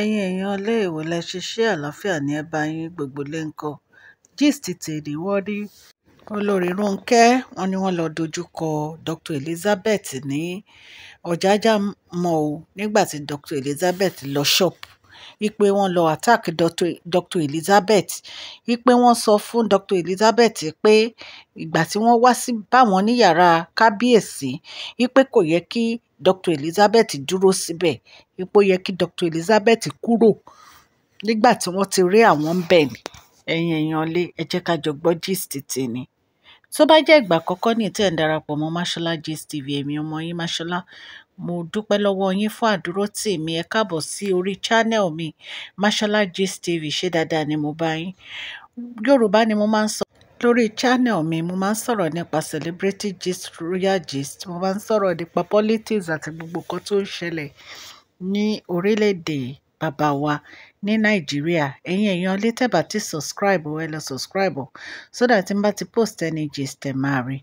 ẹ̀yin èèyàn ilé èwo lẹ ṣe ṣe àlàáfíà ní ẹ bá yín gbogbo lé ńkọ́ gist tèdè wọ́n olórí Rónkẹ́ wọn ni wọ́n lọ dojú Dr Elizabeth ní Ọ̀jájá mall nígbà tí Dr Elizabeth lọ ṣọ́ọ̀pù wípé wọ́n lọ attack dr elizabeth wípé wọ́n sọ fún dr elizabeth pé ìgbà tí wọ́n wá sí báwọn ní yàrá kábíyèsí wípé kò yẹ kí dr elizabeth dúró síbẹ̀ wípé ó yẹ kí dr elizabeth kúrò nígbà tí wọ́n ti rí àwọn ń bẹ̀ ni ẹ̀yin èèyàn lé ẹ jẹ́ ká jọ gbọ́ Tó bá jẹ́ ìgbà àkọ́kọ́ ní tẹ̀ ń darapọ̀ mọ́ Mashola Gist TV, èmi ọmọ yín Mashola, mo dúpẹ́ lọ́wọ́ yín fún àdúrótì mi. Ẹ káàbọ̀ sí orí channel mi Mashola Gist Ṣé dáadáa ni mo bá yín? Yorùbá ni mo máa ń sọ lórí channel mi. Mo máa ń sọ̀rọ̀ nípa celebrity gist, royal gist. Mo máa ń sọ̀rọ̀ nípa politics àti gbogbo nǹkan tó ń ṣẹlẹ̀ ní orílẹ̀-èdè bàbá wa ní nàìjíríà ẹ̀yin èèyàn ilé tẹ́ bá ti subscribe ẹ lọ subscribe so that tí n bá ti post any gist ẹ máa rí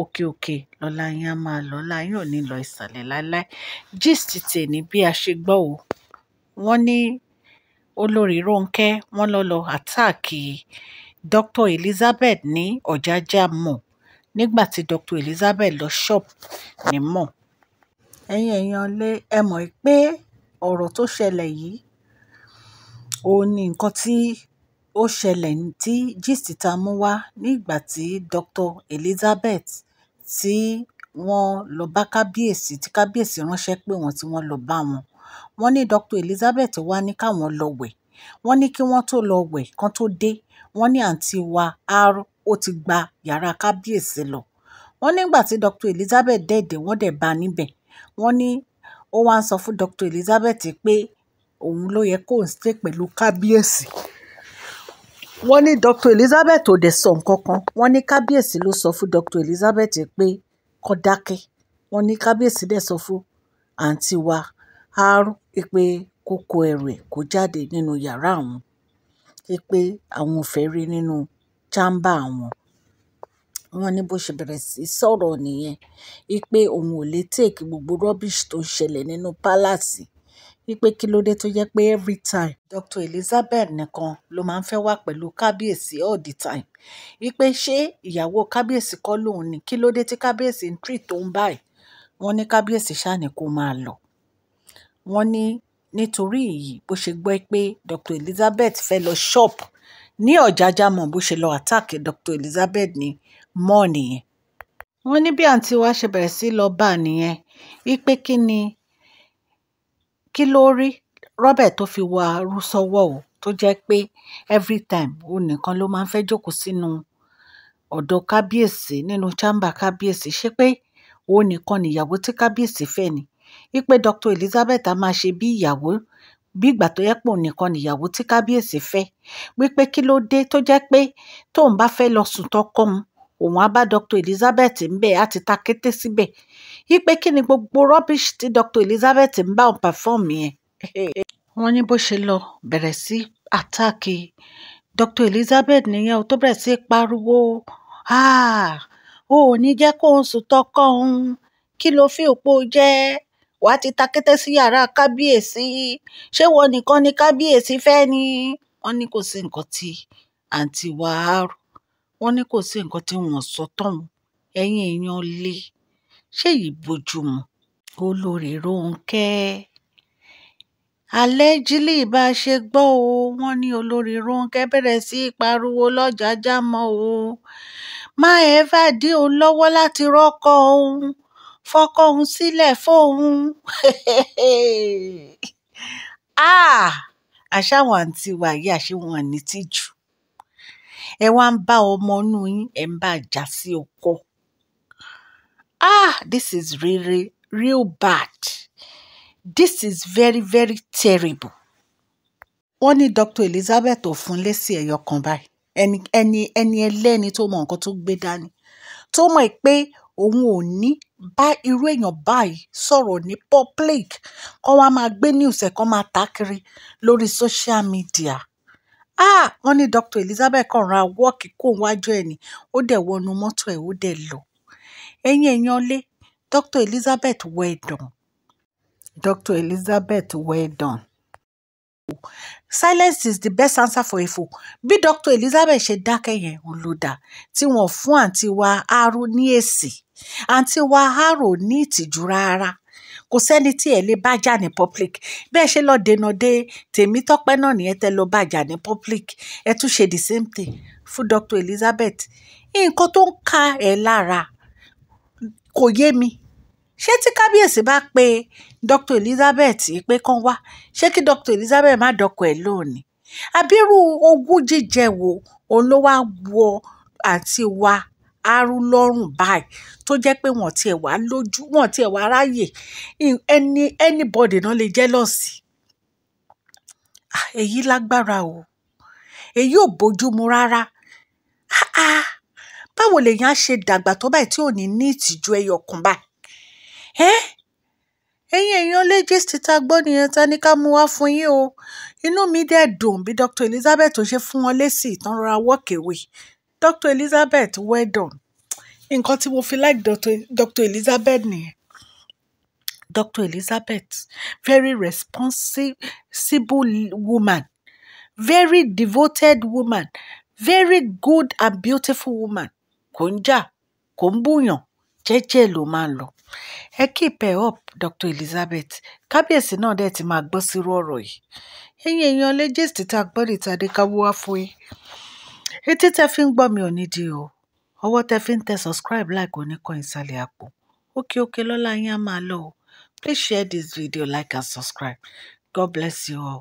òkè òkè lọ́la yín á máa lọ ọ̀la yín ò ní lọ ìsàlẹ̀ láéláé gist tèmi bí a ṣe gbọ́ o wọ́n ní olórí Rónkẹ́ wọ́n lọ lọ àtáàkì Dr. Elizabeth ní Ọ̀jájá mọ̀ nígbà tí Dr. Elizabeth lọ shop. ní mọ̀ ẹ̀yin èèyàn lé ẹ mọ̀ pé ọ̀rọ̀ tó ṣẹlẹ̀ yìí òun ni nǹkan tí ó ṣẹlẹ̀ tí gist ta mú wá nígbà tí Dr. Elizabeth tí wọ́n lọ bá kábíyèsí tí kábíyèsí ránṣẹ́ pé wọ́n tí wọ́n lọ bá wọn. Wọ́n ní Dr. Elizabeth wá ní káwọn lọ wẹ̀. Wọ́n ní kí wọ́n tó lọ wẹ̀ kan tó dé. Wọ́n ní àǹtí wa R ó ti gba yàrá kábíyèsí lọ. Wọ́n nígbà tí Dr. Elizabeth dẹ̀dẹ̀ wọ́n dẹ̀ bá níbẹ̀. Wọ́n ní ó wá ń sọ fún Dr. Elizabeth pé òun ló yẹ kó ń ṣe pẹ̀lú kábíyèsí wọ́n ní dr elizabeth ò dẹ̀ sọ nǹkan kan wọ́n ní kábíyèsí ló sọ fún dr elizabeth pé kó dákẹ́ wọ́n ní kábíyèsí dẹ̀ sọ fún àǹtí wa àárún pé kó kó ẹrù ẹ̀ kó jáde nínú yàrá àwọn pé àwọn ò fẹ́ rí nínú chámbà àwọn wọ́n ní bó ṣe bẹ̀rẹ̀ sí sọ̀rọ̀ nìyẹn pé òun ò lè take gbogbo rubbish tó ń ṣẹlẹ̀ nínú pálásì wípé kí ló dé tó jẹ́ pé every time Dr. Elizabeth nìkan ló máa ń fẹ́ wà pẹ̀lú kábíyèsí all the time wípé ṣé ìyàwó kábíyèsí kọ́ lòun ni kí ló dé tí kábíyèsí ń treat òun báyìí wọ́n ní kábíyèsí ṣáà ni kó máa lọ wọ́n ní nítorí èyí bó ṣe gbọ́ pé Dr. Elizabeth fẹ́ lọ shop ní ọ̀jájá mọ̀ bó ṣe lọ attack Dr. Elizabeth ní mọ́ nìyẹn wọ́n ní bí àǹtí wa ṣe bẹ̀rẹ̀ sí lọ bá nìyẹn wípé kí ni kí ló rí robert tó fi wọ aró sọ́wọ́ o tó jẹ́ pé every time òun nìkan ló máa ń fẹ́ jókòó sínú ọ̀dọ̀ kábíyèsí nínú chamber kábíyèsí ṣé pé òun nìkan nìyàwó tí kábíyèsí fẹ́ ni ipe dr elizabeth a máa ṣe bí ìyàwó bí ìgbà tó yẹ pé òun nìkan nìyàwó tí kábíyèsí fẹ́ wípé kí ló dé tó jẹ́ pé tóun bá fẹ́ lọ sùn tọkọ òun òun á bá dr elizabeth ń bẹ̀ á ti ta kété síbẹ̀ wípé kí ni gbogbo rubbish tí dr elizabeth ń bá òun perform yẹn wọ́n ní bó ṣe lọ bẹ̀rẹ̀ sí àtàkì dr elizabeth nìyẹn tó bẹ̀rẹ̀ sí pariwo ó ah, ní jẹ́ kó ń sùn tọkọ òun kí ló fi òpó jẹ́ wàá ti ta kété sí yàrá kábíyèsí ṣé wọn nìkan ni kábíyèsí fẹ́ ni wọ́n ní kò sí nǹkan tí àǹtí wàá rò wọ́n ní kò sí nǹkan tí wọ́n sọ tọ́hún ẹ̀yin èèyàn lè ṣe ìbòjúmu olórí Rónkẹ́ alẹ́ jílì bá a ṣe gbọ́ o wọ́n ní olórí Rónkẹ́ bẹ̀rẹ̀ sí í pariwo lọ́jà jámọ́ o má ẹ fà dí òun lọ́wọ́ láti rọ́kọ òun fọkọ òun sílẹ̀ fóun ah! àṣà wọn àǹtí wa yìí àṣé wọn ní tìjú ẹ wá ń bá ọmọ inú yín ẹ ń bá jà sí ọkọ ah this is really real bad this is very very terrible. wọ́n ní Dr. Elizabeth ò fún lésì ẹ̀yọ kan báyìí ẹni ẹni ẹni ẹlẹ́ni tó mọ nǹkan tó gbé dání tó mọ̀ pé òun ò ní bá irú èèyàn báyìí sọ̀rọ̀ ní public kó wá máa gbé news ẹ̀ kó máa ta kiri lórí social media ah wọ́n ní Dr. Elizabeth kan ra wọ́ọ̀kì kó wájú ẹ̀ ni ó dẹ̀ wọnú mọ́tò ẹ̀ ó dẹ̀ lọ ẹ̀yin èèyàn lé Dr. Elizabeth well done Dr. Elizabeth well done silence is the best answer for a fool bí Dr. Elizabeth ṣe dákẹ́ yẹn òun ló dáa tí wọ́n fún àǹtí wa Aro ní èsì àǹtí wa Aro ní ìtìjú rárá kò sẹ́ni tí ẹ̀ lè bájà ní public bẹ́ẹ̀ ṣe lọ́ọ́ dènà dé Tèmítọ́pẹ́ náà nìyẹn tẹ́ lọ́ọ́ bájà ní public ẹ tún ṣe the same thing fún Dr Elizabeth nǹkan tó ń ka ẹ̀ lára kò yé mi ṣé tí kábíyèsí bá pe Dr Elizabeth pé kán wá ṣé kí Dr Elizabeth má dọkọ ẹ̀ lónìí abirú ogún jíjẹ wo òun ló wá wọ àti wa arú lọ́rùn báyìí tó jẹ́ pé wọ́n tiẹ̀ wá lójú wọ́n tiẹ̀ wá ráyè ẹni anybody náà lè jẹ́lọ́sì ah, èyí lágbára o èyí ò bójúmu rárá ah, ah. báwo lèèyàn á ṣe dàgbà tó báyìí tí ò ní ní ìtìjú ẹyọ kan báyìí ẹ̀yin èèyàn lẹ́gẹ̀ẹ́sì títa gbọ́ nìyẹn ta ni ká mú wá fún yín o inú mi dẹ̀ dùn bí Dr. Elizabeth tó ṣe fún wọn lésì ìtàn rọra walk away Dr. Elizabeth well done nǹkan tí mo fi like Dr. Dr. Elizabeth nìyẹn Dr. Elizabeth very responsible woman very devoted woman very good and beautiful woman kò ń jà kò ń bùyàn jẹ́jẹ́ ló máa ń lọ ẹ keep her up Dr. Elizabeth kábíyèsí náà dẹ̀ ti máa gbọ́ sírú ọ̀rọ̀ yìí ẹ̀yin èèyàn lè gist tá a gbọ́ káwọ́ wá fún yín etí tẹ fi ń gbọ́ mi ò ní di o ọwọ́ tẹ fi ń tẹ subscribe like oníkan ìsàlẹ̀ àpò òkè òkè lọ́la yín á máa lọ o please share this video like and subscribe god bless you all.